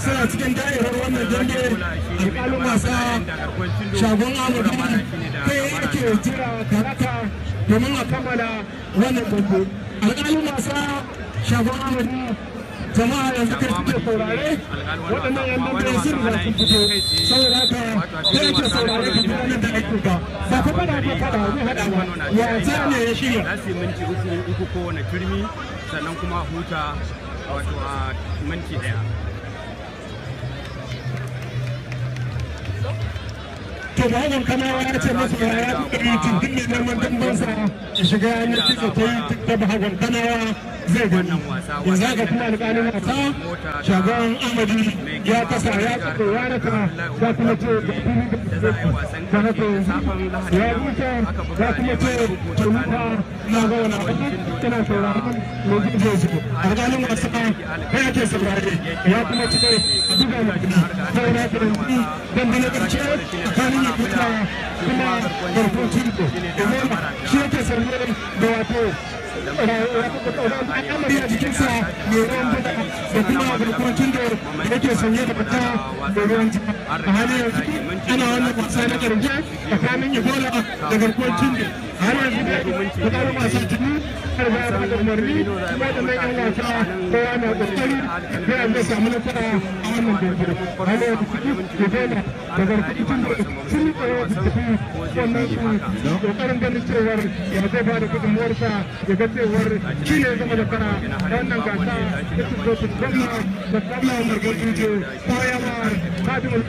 suna cikin da'irar wannan dambe alƙalin wasa shagon amurka kai yake jira karaka domin a kammala wannan dambe alƙalin wasa shagon amurka jama'a yanzu kai suke saurare waɗannan yan dambe sun da sun fito saboda haka ta yake saurare ka gudanar da aikin ba fada ko fada wani hada ba ya ne ya shirya nasi minti uku uku turmi sannan kuma huta wato a minti malam kanawa ya ce masu yaya mutum duk mai neman dambansa shiga yanar gizo ta yi ta da bahagon kanawa zai gani yanzu haka kuma alƙalin wasa shagon amadi ya kasa ya kafa ya raka ya kuma ce ga fili da na ce ya rusa ya kuma ce tunuka na ga wani abu tana sauraron mai gizo su alƙalin wasa kai ake saurare ya kuma ci kai a buga na gini kawai na gini ni don bane karshe a kanin ya fita kuma barko kirko umar shi yake saurare da wato al'amari a jikinsa mai ruwan buga da kuma barkon kindor da yake sanye da fata da ruwan jiki a halin yanzu ana wannan wasa na karshe tsakanin ibola da barkon kindor har yanzu da kuma masu jini har ba da umarni kuma da mai yan wasa kowa na kokari sai an zai samu nasara a wannan dogara. Hanyar da suke ke daina daga rikicin da ganin cewar ya zai ba da gudunmuwarsa ya ga cewar shi da kara wannan gasa ta tuzo tuzo da tsalla margar jujo koyarwar hadimul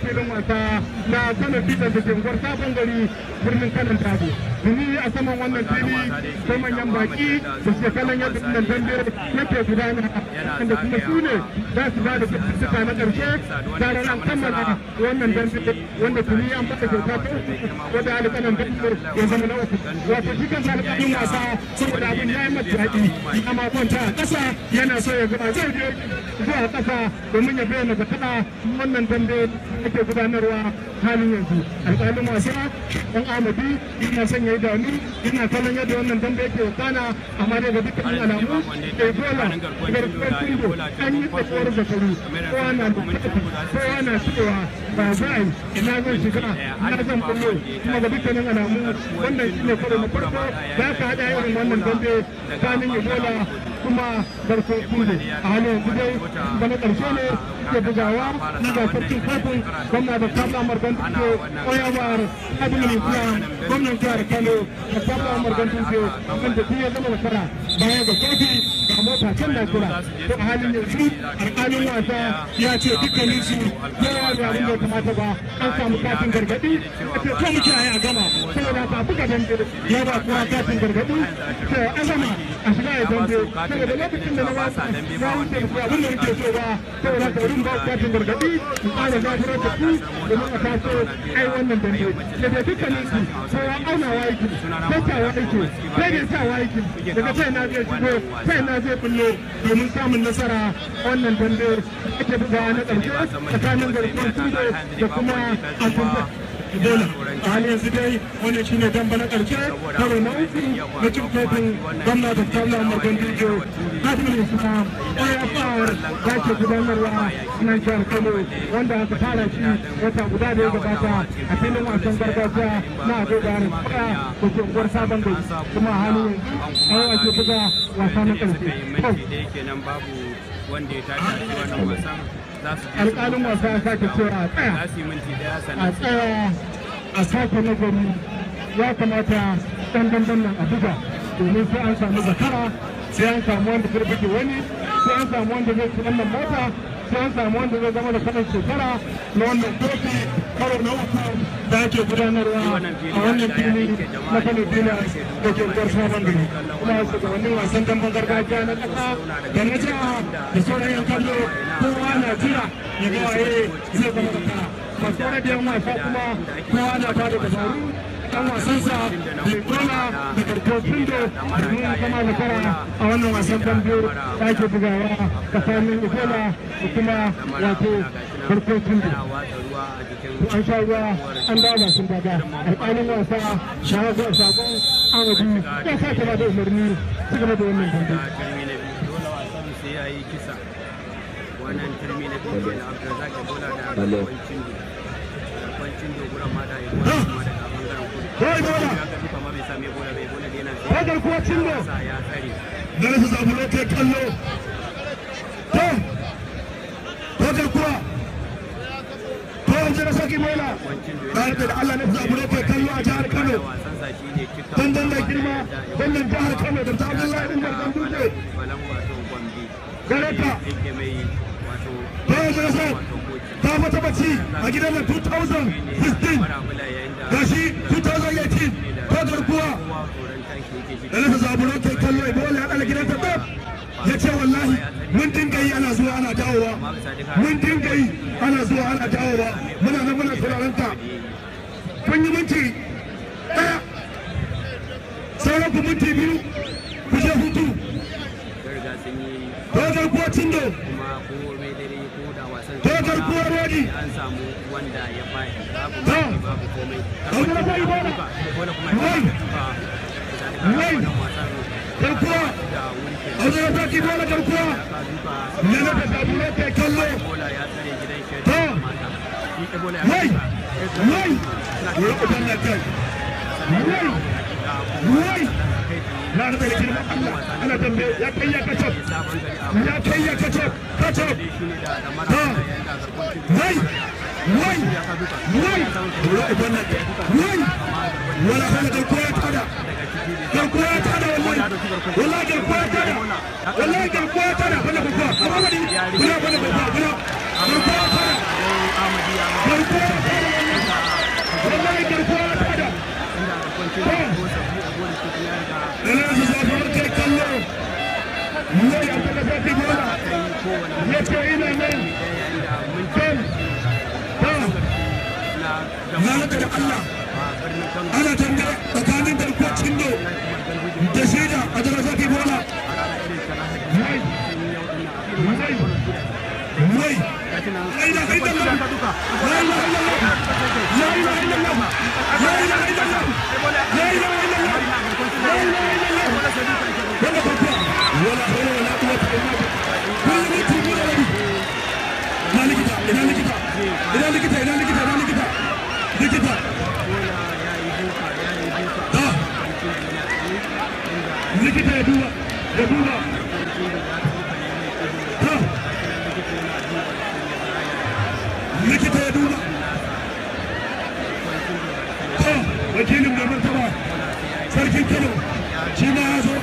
filin wasa na sanar fitar da birnin kanan tabo a saman wannan fili sai manyan baki da shekalan yadda nan dambe yake gudana wanda kuma su ne za su ba da suka na ƙarshe zarar an kammala wannan dambe wanda tuni an baka kyauta ta uku da alƙalan dambe ya zama na uku wato shi kansa alƙalin wasa saboda abin ya yi mata daɗi amma kwanta a ƙasa yana so ya gaba zai je zuwa ƙasa domin ya bayyana ga faɗa wannan dambe ake gudanarwa halin yanzu alƙalin wasa ɗan amadi yana son ya yi dami yana kallon yadda wannan dambe yake kana amma dai dukkan alamu ke dole kola ta mun kwashe kamar da kuma ba za ina zan shiga ina eh, zan kullo kuma ga dukkanin alamu wannan shi karo na farko za ka haɗa irin wannan dambe kamin ebola kuma garkoki ne a halin yanzu dai bana ƙarshe ne ke bugawa na gasar cin kofin gwamna da tabla margan tuke koyawar abin islam gwamnan jihar kano da tabla margan tuke wanda duk ya zama nasara baya ga kofi ga mota can da kura to a halin yanzu alƙalin wasa ya ce dukkanin su kowa da abin da kamata ba an samu katin gargadi to ko mu kiyaye a gama saboda ka buga dambe ya ba kuma katin gargadi to a gama a shiga ya dambe saboda lokacin da na ba na wuce ku abin da nake so ba saboda ka bari ba katin gargadi in ƙara zafirar da ku a taso ai wannan dambe da da dukkanin ku ko ya auna ko sai da sa daga sai na zai shigo zai bullo domin samun nasara wannan dambe ake bugawa na ƙarshe tsakanin garkuwar tudo da kuma abin Ebola a hali yanzu dai wannan shi ne damba na ƙarshe karo na uku na cin kofin gwamna da tsallan margon dijo hadimin islam ɗaya fawar za ke gudanarwa nan jihar kano wanda aka fara shi wata guda da ya gabata a filin wasan gargajiya na agogo harin kuɗa da ke unguwar sabon gari kuma a halin yanzu an wace buga wasa na ƙarshe. wanda alƙalin wasa ya sake cewa a tsaya a tsaya a sake nagari ya kamata ɗan dandan nan a buga domin sai an samu zakara sai an samu wanda zai buge wani sai an samu wanda zai ci wannan mota sai an zai zama da kanin shekara na wannan kofi karo na uku da gudanarwa a wannan fili na kano dina da ke kwar sabon gari kuma shugabannin wasan damben gargajiya na ƙasa da na jiha da sauran yan kallo kowa na jira ya ga waye zai zama da masu wani da yan kuma kowa na ba da ɗan wasansa bai koma da karfofin da kama da kara a wannan wasan dambe da ake bugawa tsakanin ikola da kuma wato karfofin da an sha ruwa an dawo bakin daga alƙalin wasa shahago shagon amadu ya sake ba da umarni su gaba da wannan wannan turmi na da bola da kwancin kai bola kai garkuwa cindo na rufe zabulo kai kallo to ko garkuwa to yanzu na saki bola tare da Allah na zabulo kai kallo a jihar Kano dandan da girma dandan jihar Kano da ta Abdullahi Umar Ganduje gareta to yanzu na saki sa mata bacci a gidan nan 2015 ga shi 2018 ta garkuwa da nasa zaburon kai kallo ibola ya ɗala gidan ta ɗaf ya ce wallahi mun dinga yi ana zuwa ana dawowa mun dinga yi ana zuwa ana dawowa muna nan muna turaren ta kun yi minti ɗaya sauran ku minti biyu ku je hutu ta garkuwa cindo an samu wanda ya bai babu babu komai kamar b'a ya ba wala kuma ya ba wannan wasan garkuwa b'a da zaki bola garkuwa ne na da sabuwa kallo ta wai wai wai wai wai na rufe da girman Allah ana dambe ya ya ya wala da bana bana mai a ta kasa tibola ya na da Allah ana tanda tsakanin garkuwar cindo shaida a ta wani ne turbi da rabi likita likita likita likita likita likita ya duba likita ya duba sarkin ya zo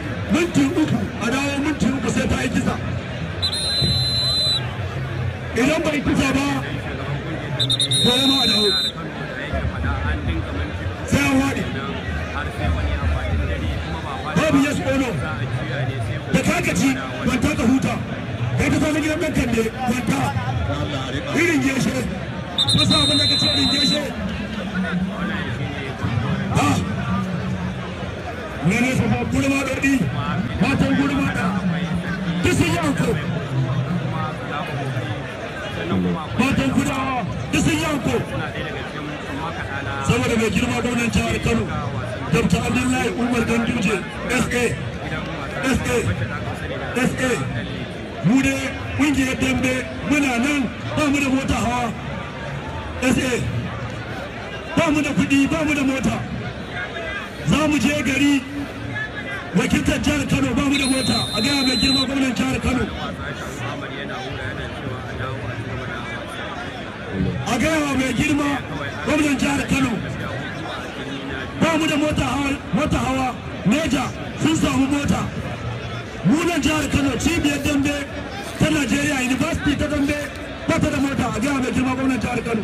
minti uku a dawo minti uku sai ta yi kisa idan bai kisa ba ko ma a dawo sai an waɗe babu yes or no da kakaci wanta ka huta kai ta zama gidan ɗan kalle wanta irin geshe masa abin da ka ce irin geshe nana fafa gulma ɗaɗi matan gulma ɗa duk yanko matan kudawa duk yanko saboda mai girma gwamnan jihar kano dabta abdullahi umar ganduje sa sa sa mu dai ƙungiyar dambe muna nan ba mu da mota hawa sa ba mu da kuɗi ba mu da mota za mu je gari wakiltar jihar kano ba mu da mota a gaya mai girma gwamnan jihar kano a gaya mai girma gwamnan jihar kano ba mu da mota hawa meja sun samu mota munan jihar kano cibiyar dambe ta nigeria university ta dambe ba ta da mota a gaya mai girma gwamnan jihar kano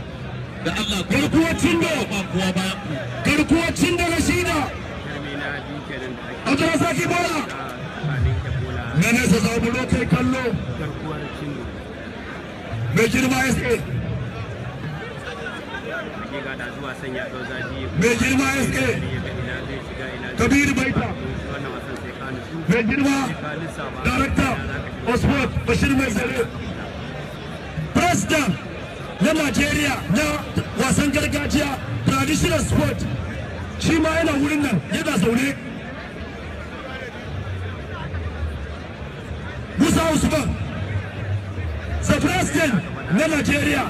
da Allah garkuwar cindo garkuwar cindo rashida abdul saki bola na nesa zaɓulo kai kallo mai girma ya tsaye mai girma ya tsaye kabir baita mai girma darakta osman bashir mai zare president na Najeriya na wasan gargajiya traditional sport shi ma yana wurin nan yana zaune Musa Usman the president na nigeria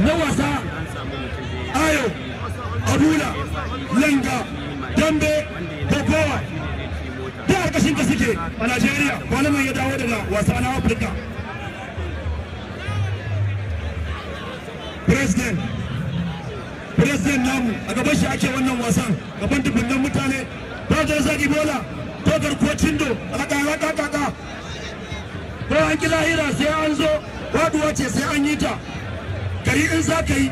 na wasa Ayo Abula Langa Dambe Bobowa da ƙarƙashin da suke a Najeriya mai ya dawo daga wasa na Afirka president president namu a gaban shi ake wannan wasan gaban dubunnan mutane tagar zagi bola tagar kuwa cindo alaƙa kaka ko an ki hira sai an zo waduwa ce sai an yi ta gari in za ka yi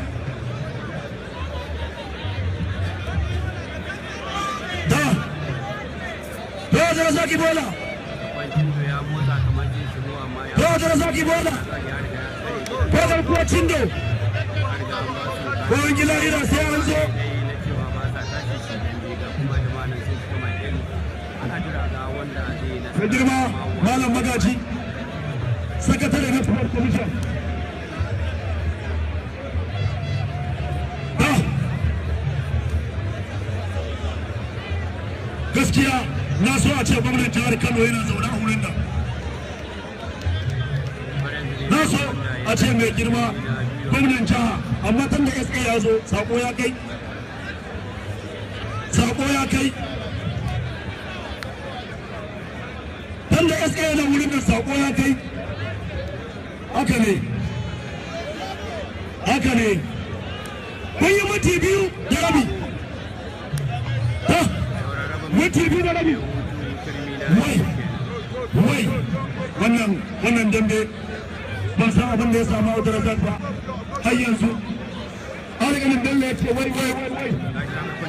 da tagar zagi bola tagar zagi bola tagar kuwa cindo bayan gida ina sai an zo mai girma malam magaji sakatare na commission ah! gaskiya na so a ce gwamnan jihar kano yana zaune a wurin nan na so a ce mai girma gwamnan jiha amma tun da SA ya zo sako ya kai sako ya kai tun da gaske yana wurin da sako ya kai haka ne haka ne kun yi mati biyu da rabi mati biyu da rabi wai wai wannan wannan dambe ban san abin da ya samu autorizat ba har yanzu alƙalin bello ya ce wai wai wai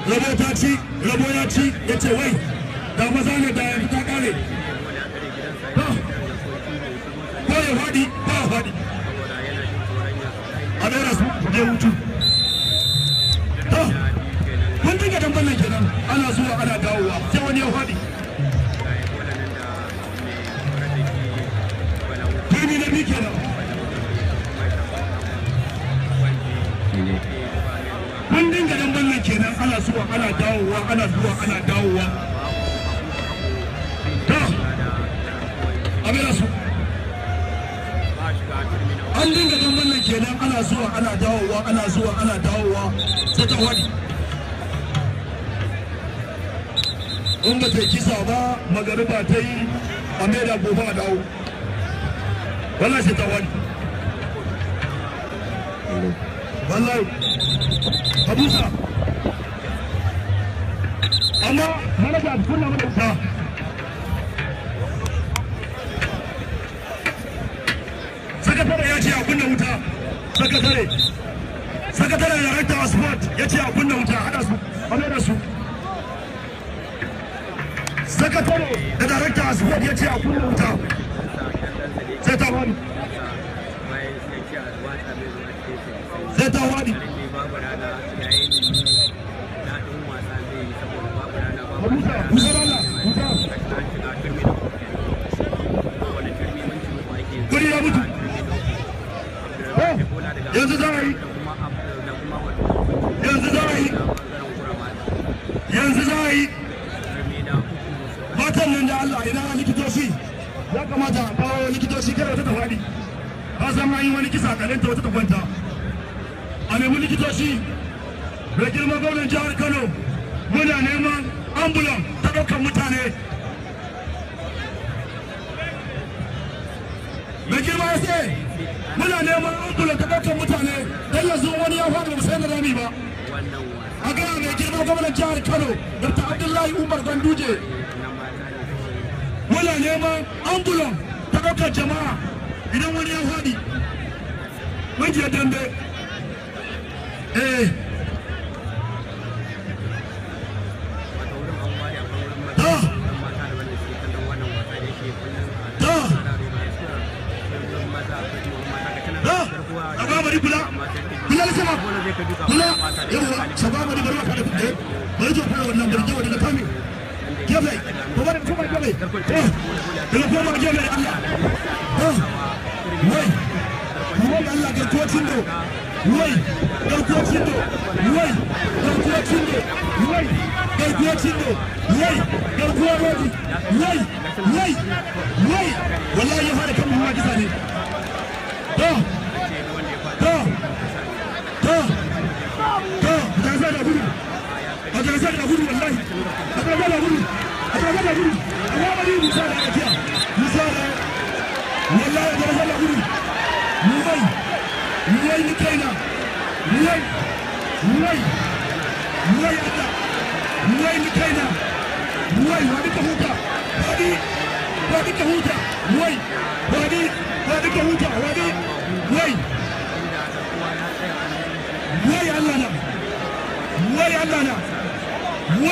rabo ta ci rabo ya ci ya ce wai da maza ne da yanzu ta kare ko ya faɗi ko ya faɗi a ɗora su je hutu zuwa ana dawowa ana zuwa ana dawowa to su an dinga gamban nan kenan ana zuwa ana dawowa ana zuwa ana dawowa sai ta wani in ba ta kisa ba magariba ta yi a mai da gobe a dawo wallahi sai ta wani wallahi abusa allo manaja da sakatare a kunna ya ce a kunna wuta hada su a su sakatare da director of ya ce a kunna wuta sai ta yanzu za a yi yanzu za a yi yanzu za a yi matan nan da Allah ina likitoci ya kamata a kawo likitoci kai wata ta faɗi ba san ma yi wani kisa kaɗan ta wata ta kwanta a nemi likitoci da girma gwamnan jihar Kano muna neman ambulan ta ɗaukar mutane da girma ya sai muna neman ambula ta mutane don yanzu wani ya fara ba sai da rami ba a gaya mai girma gwamnan jihar kano dr abdullahi umar ganduje muna neman ambula ta jama'a idan wani ya faɗi ƙungiyar dambe eh bala yawa shababa ni eh. ne adrasar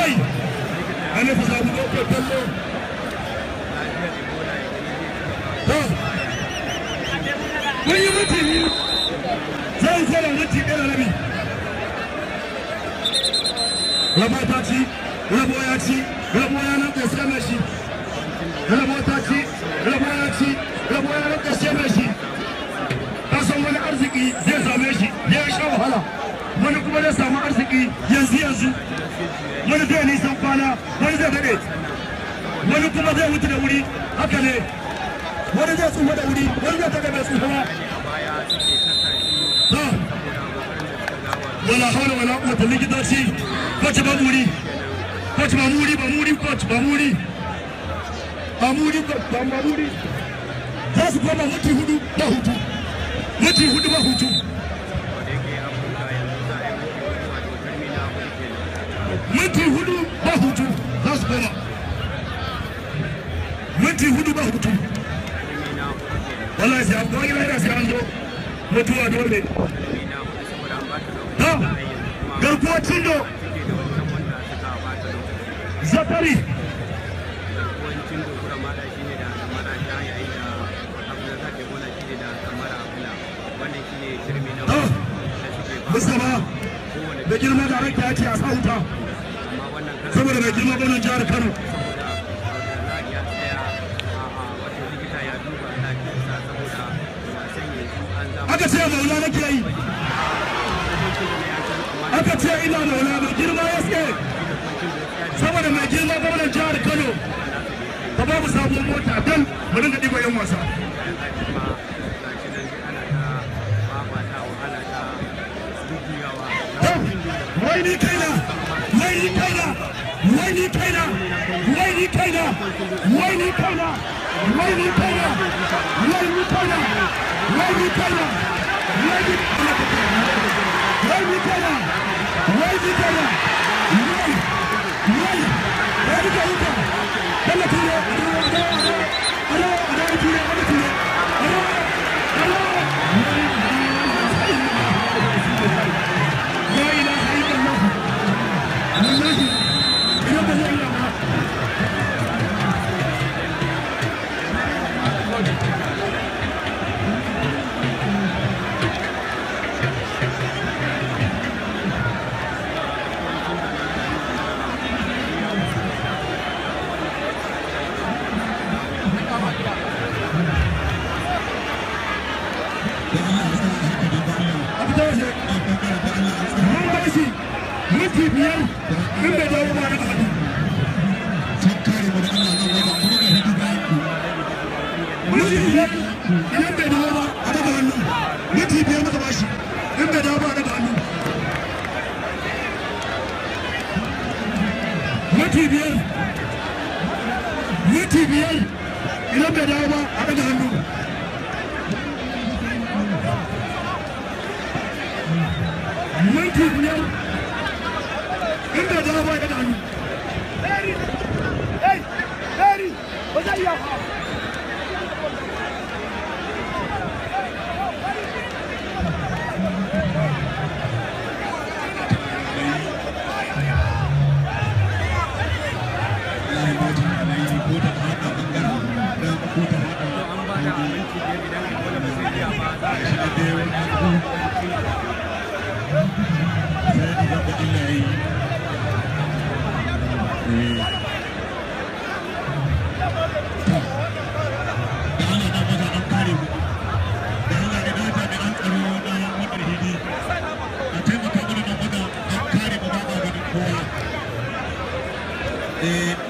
wai alifu zamu ɗauke kallo mun yi mutum zan kora mutum ɗaya rabi rabo ta ci rabo ya ci zai samu arziki yanzu yanzu wani zai nisan wani zai daɗe wani kuma zai wuce da wuri haka ne wani zai tsufa da wuri wani zai daɗe bai tsufa wala haula wala quwwata likitoci kwace ba muri kwace ba muri ba muri kwace ba muri ba muri ba muri za koma mutu hudu ba hutu mutu hudu ba hutu minti hudu ba hutu za su koma minti hudu ba hutu wallahi sai abu wani lahira sai an zo mutuwa dole ta garkuwa cindo zakari Mustapha da girma da ranka ce a sa wuta saboda mai girma gwamnan jihar kano aka ce maula nake yi aka ce ina maula mai girma ya ce saboda mai girma jihar kano babu sabuwar mota don mu dinga wasa kai kaina wai ni kaina wai kaina happened to the 嗯。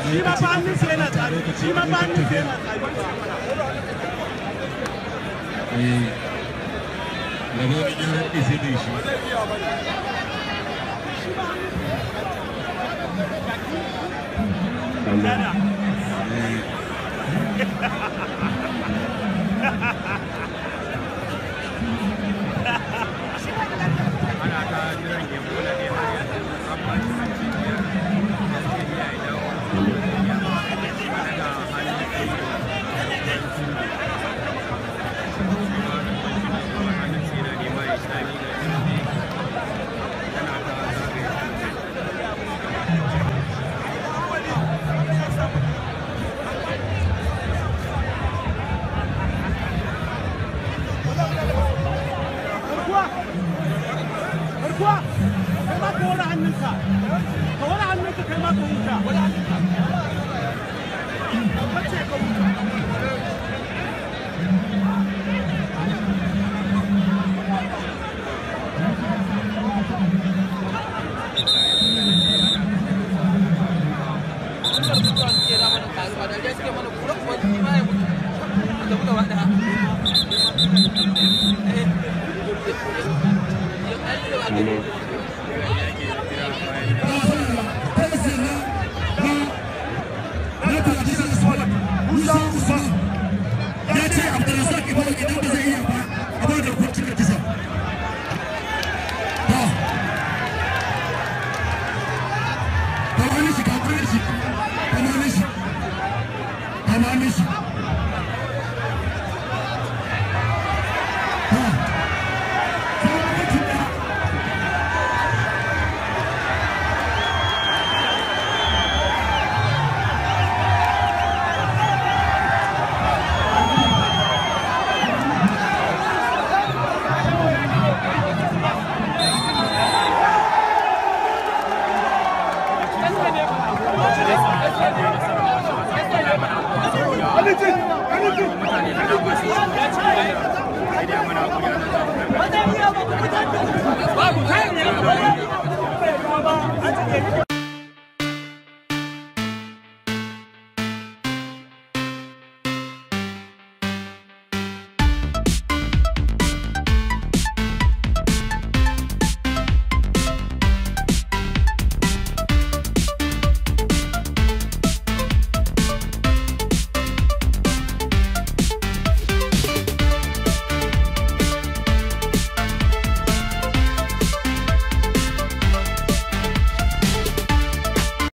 shi ma fa hannun sa yana tsari shi ma fa hannun sa yana tsari eh gaba da gina haɗe sai da shi you